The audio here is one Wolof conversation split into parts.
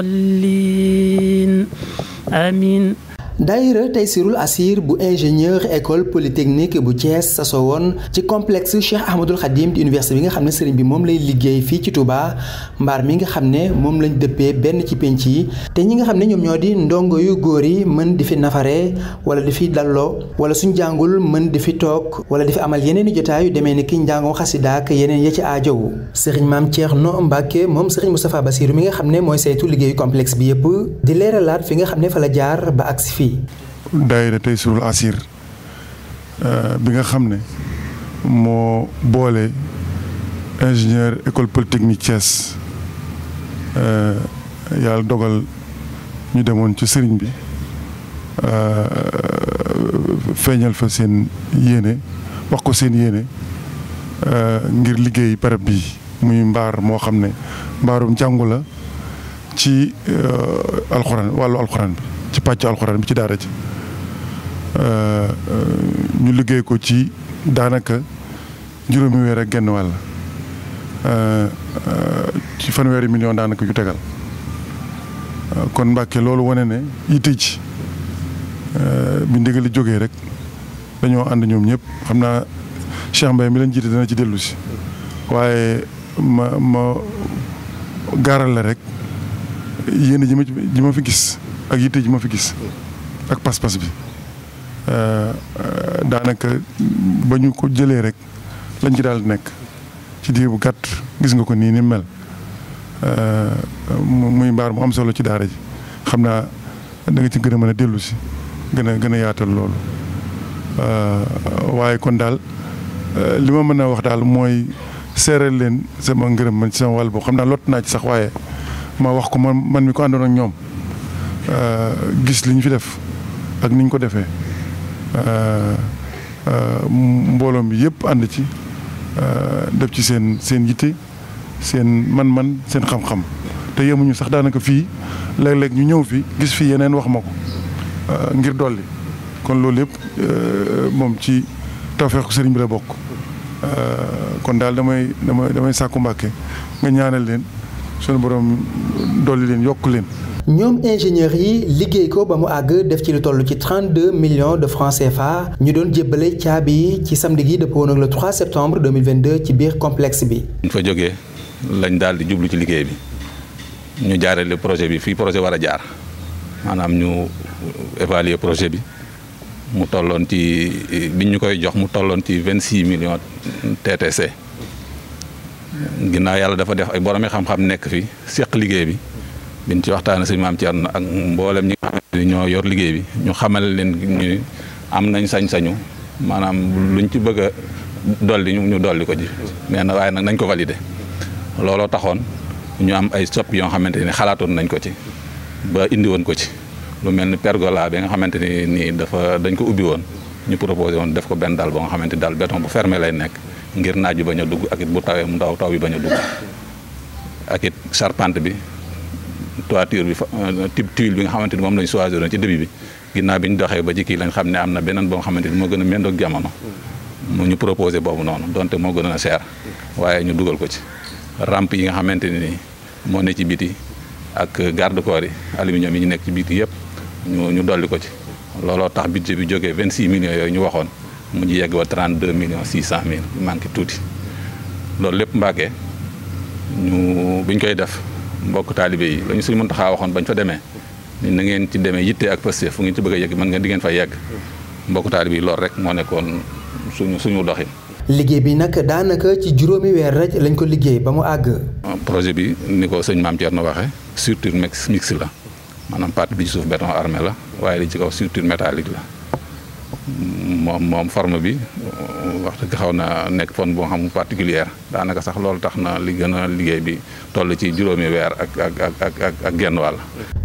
الضالين آمين daayira Taysirul Asir bu ingénieur école polytechnique bu Thiès saso woon ci complexe Cheikh Ahmadul Khadim di université bi nga xam ne sëriñ bi moom lay liggéey fii ci Touba mbaar mi nga xam ne moom lañ dëppee benn ci penc yi te ñi nga xam ne ñoom ñoo di ndongo yu góor yi mën di fi nafare wala di fi dalloo wala suñ jàngul mën di fi toog wala di fi amal yeneen i jotaay yu demee ni ki njàngoo xasida ak yeneen ya ci aajowu sëriñ maam Thierno Mbacke moom sëriñ Moustapha Bassirou mi nga xam ne mooy saytu liggéeyu complexe bi yëpp di leeralaat fi nga xam ne fa la jaar ba fii. daayira Taysirul Asir euh, bi nga xam ne moo boole ingénieur école polytechnique Thiès euh, yàlla dogal ñu demoon ci sëriñ bi euh, feeñal fa seen yéene wax ko seen yéene ngir liggéey barab bi muy mbaar moo xam ne mbaarum jàngu la ci alxuraan wàllu alxuraan bi. pàcc alxuraan bi ci daara ci ñu liggéey ko ci daanaka juróomi weer ak genn wàll ci fanweeri million daanaka ju tegal kon Mbàkke loolu wone ne yitte ci bi ndigali jógee rek dañoo ànd ñoom ñëpp xam naa Cheikh mi lañ jiite dana ci dellusi waaye ma ma gaaral la rek yéen ji ji ma fi gis ak yitte ji ma fi gis ak pas-pas bi euh, euh, daanaka ba ñu ko jëlee rek lañ ci daal di nekk ci diir bu gàtt gis nga ko nii ni mel euh, muy mbaar mu am solo ci daara ji xam naa danga ci gën mën a dellu si gën a gën a yaatal loolu waaye kon daal li ma mën a wax daal mooy seeral leen sama ngërëm ma ci sama wàll boobu xam naa lott naa ci sax waaye ma wax ko man man mi ko àndoon ñoom Euh, gis li ñu fi def ak niñ ko defee euh, euh, mbooloom bi yëpp ànd ci def ci seen seen yitte seen man-man seen xam-xam te yemuñu sax daanaka fii léeg-léeg ñu ñëw fi gis fi yeneen wax ma ko ngir dolli kon loolu yëpp moom ci tawfeexu sëriñ bi la bokk kon daal damay damay damay sàkku mbàkke nga ñaanal leen sunu borom dolli leen yokk leen ñoom ingénieurs yi liggéey ko ba mu àgg def ci lu toll ci 32 millions de francais CFA ñu doon jébbale caabi yi ci samedi gi dëppoon ak le trois septembre 2022 ci biir complexe bi. ñu fa jógee lañ daal di jublu ci liggéey bi ñu jaarale projet bi fii projet war a jaar maanaam ñu évaluer projet bi. mu tolloon ci bi ñu koy jox mu tolloon ci vingt six millions TTC ginnaaw yàlla dafa def ay boromi xam-xam nekk fi seq liggéey bi biñ ci waxtaanee suñu maam Thierno ak mboolem ñi nga xamante ni ñoo yor liggéey bi ñu xamal leen ñu am nañ sañ-sañu maanaam luñ ci bëgg a dolli ñu dolli ko ji mais na waaye nag nañ ko valider looloo taxoon ñu am ay soppi yoo xamante ni xalaatoon nañ ko ci ba indi woon ko ci lu mel ni pergola bi nga xamante ni nii dafa dañ ko ubbi woon ñu proposé woon def ko benn daal ba nga xamante ni daal béton bu ferme lay nekk ngir naaj bi bañ a dugg ak bu tawee mu ndaw taw bi bañ a dugg bi toiture bi euh, type tuile bi nga xamante ni moom lañ choisir ci début bi ginnaaw bi ñu doxee ba ci kii lañ xam ne am na beneen boo nga xamante ni moo gën a méndoog jamono hmm. mu ñu proposé boobu noonu donte moo gën a cher waaye ñu dugal ko ci rampe yi nga xamante ni moo ne ci biti ak garde corps yi aluminium yi ñu nekk ci biti yëpp ñu ñu dolli ko ci looloo tax budget bi jógee vingt 26 millions yooyu ñu waxoon mu ngi yegg ba 32 millions cent mille manqué tuuti loolu lépp Mbàkke ñu koy def mbokk taalibe yi la ñu suñ Muntaxa waxoon bañ fa demee ni na ngeen ci demee yitte ak paste fu ngeen ci bëgg a yegg mën ngeen di ngeen fa yegg mbokk taalibe yi loolu rek moo nekkoon suñu suñu doxin liggéey bi nag daanaka ci juróomi weer rek lañ ko liggéey ba mu àgg ah, projet bi ni ko sëñ Maam Thierno waxee structure mixte la maanaam partie bi suuf béton armé la waaye li ci kaw structure métallique la moom moom forme bi wax dëgg xaw na nekk fon boo xam particulière daanaka sax loolu tax na li gën liggéey bi toll ci juróomi weer ak ak ak ak ak genn wàll.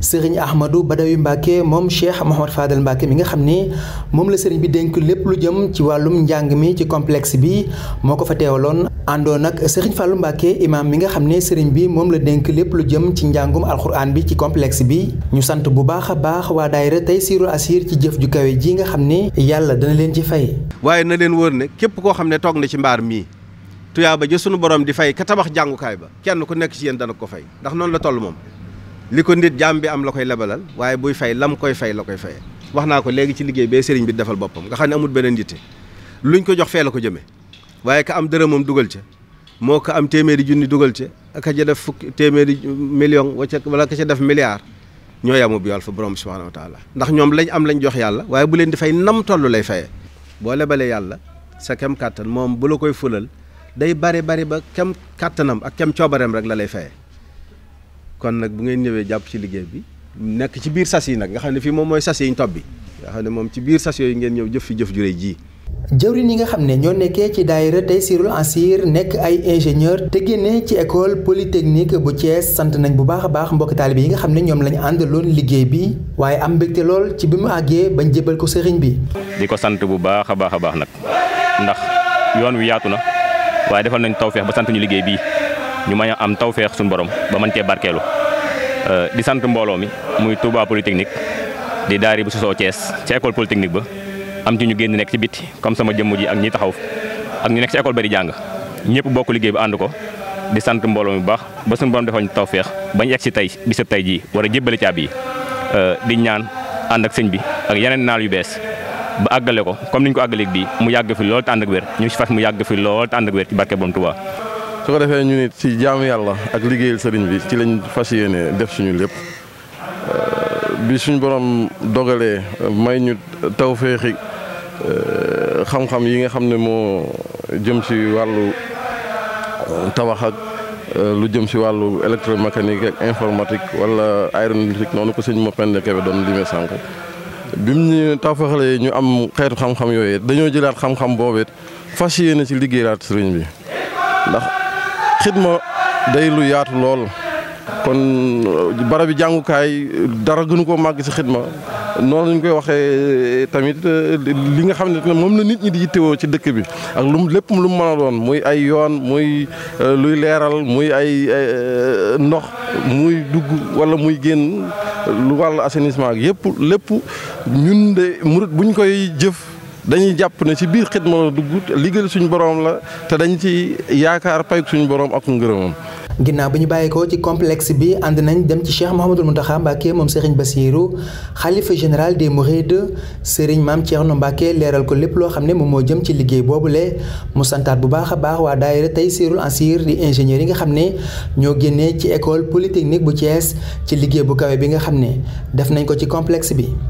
sëriñ Ahmadou Badawi Mbacke moom Cheikh Mouhamad Fadel Mbacke mi nga xam ni moom la sëriñ bi dénk lépp lu jëm ci wàllum njàng mi ci complexe bi moo ko fa teewaloon àndoon nag Serigne Fallou Mbacké imam bi nga xam ne Serigne bi moom la dénk lépp lu jëm ci njàngum alxuraan bi ci complexe bi ñu sant bu baax a baax waa daayira Taysiirul Asiir ci jëf ju kawe ji nga xam ne yàlla dana leen ci fay. waaye na leen wóor ne képp koo xam ne toog na ci mbaar mii tuyaaba ja sunu borom di fay ka tabax jàngukaay ba kenn ku nekk ci yéen dana ko fay ndax noonu la toll moom li ko nit jaam bi am la koy lebalal waaye buy fay lam koy fay la koy fayee wax naa ko léegi ci liggéey bee Serigne bi defal boppam nga xam ne amul beneen yitte luñ ko jox fee la ko jëmee waaye ka am dërëmam dugal ca moo ko am téeméeri junni dugal ca ka ca def fukki téeméeri million wala ka ca def milliard ñoo yamu bi wàl fa borom subhanahu wa taala ndax ñoom lañ am lañ jox yàlla waaye bu leen di fay nam tollu lay fayee boo lebalee yàlla sa kem kàttan moom bu la koy fulal day bari bari ba kem kàttanam ak kem coobareem rek la lay fayee kon nag bu ngeen ñëwee jàpp ci liggéey bi nekk ci biir sas yi nag nga xam ne fii moom mooy sas yi ñu bi nga xam moom ci biir sas yooyu ngeen ñëw jëf fi jëf ju rëy jëwriñ yi nga xam ne ñoo nekkee ci daayira Taysirul Ansir nekk ay ingénieur te génne ci école polytechnique bu Thiès sant nañ bu baax a baax mbokk taalibe yi nga xam ne ñoom lañu àndaloon liggéey bii waaye am mbégte lool ci bi mu àggee bañ jébal ko sëriñ bi. di ko sant bu baax a baax a baax nag ndax yoon wi yaatu na waaye defal nañ tawféex ba sant ñu liggéey bii ñu mën a am tawféex suñu borom ba man cee barkeelu euh, di sant mbooloo mi muy Touba polytechnique di daari bu sosoo Thiès ca école polytechnique ba. am ci ñu génn nekk ci biti comme sama jëmm ji ak ñi taxaw ak ñu nekk ci école ba di jàng ñëpp bokk liggéey bi ànd ko di sant mbooloo mi bu baax ba suñu borom defal ñu tawféex bañ egg si tey bisab tey jii war a jébbale yi euh, di ñaan ànd ak sëñ bi ak yeneen naal yu bees ba àggale ko comme niñ ko àggaleeg bii mu yàgg fi lool te ànd ak wér ñu ngi si fas mu yàgg fi lool te ànd ak wér ci barke Borom Tuubaa su ko defee ñu nit ci jaamu yàlla ak liggéeyal sëriñ bi ci lañ fas yéene def suñu lépp euh, bi suñ borom dogalee may ñu tawféexi Euh, xam-xam yi nga xam ne moo jëm si wàllu euh, tabax euh, lu jëm si wàllu électromécanique ak informatique wala aéronautique noonu ko sëñ Mopende Kébé doon limee sànq bi mu ñu tafaxalee ñu am xeetu xam-xam yooyu dañoo jëlaat xam-xam boobu fas yéene ci liggéeyaat sëriñ bi ndax xidma day lu yaatu lool kon barabi jàngukaay dara gënu ko màgg ci xidma noonu lañ koy waxee euh, tamit euh, li nga xam ne moom la nit ñi di woo ci dëkk bi ak lu lépp lu mu mën doon muy ay yoon muy euh, luy leeral muy ay ndox muy dugg wala muy génn lu wàllu assainissement ak yëpp lépp ñun de murit buñ koy jëf. dañuy jàpp ne ci biir xidma la dugg liggéeyal suñu borom la te dañu ci yaakaar payuk suñu borom ak ngërëmam. ginnaaw bi ñu bàyyeekoo ci complexe bi ànd nañ dem ci cheikh Mouhamadul Mountakha Mbacké moom Serigne Bassirou xalifa général des Mourides Serigne maam Thierno Mbacké leeral ko lépp loo xam ne moom moo jëm ci liggéey boobule mu santaat bu baax a baax waa daayira tey en Ansir di ingénieur yi nga xam ne ñoo génnee ci école polytechnique bu cees ci liggéey bu kawe bi nga xam ne def nañ ko ci complexe bi.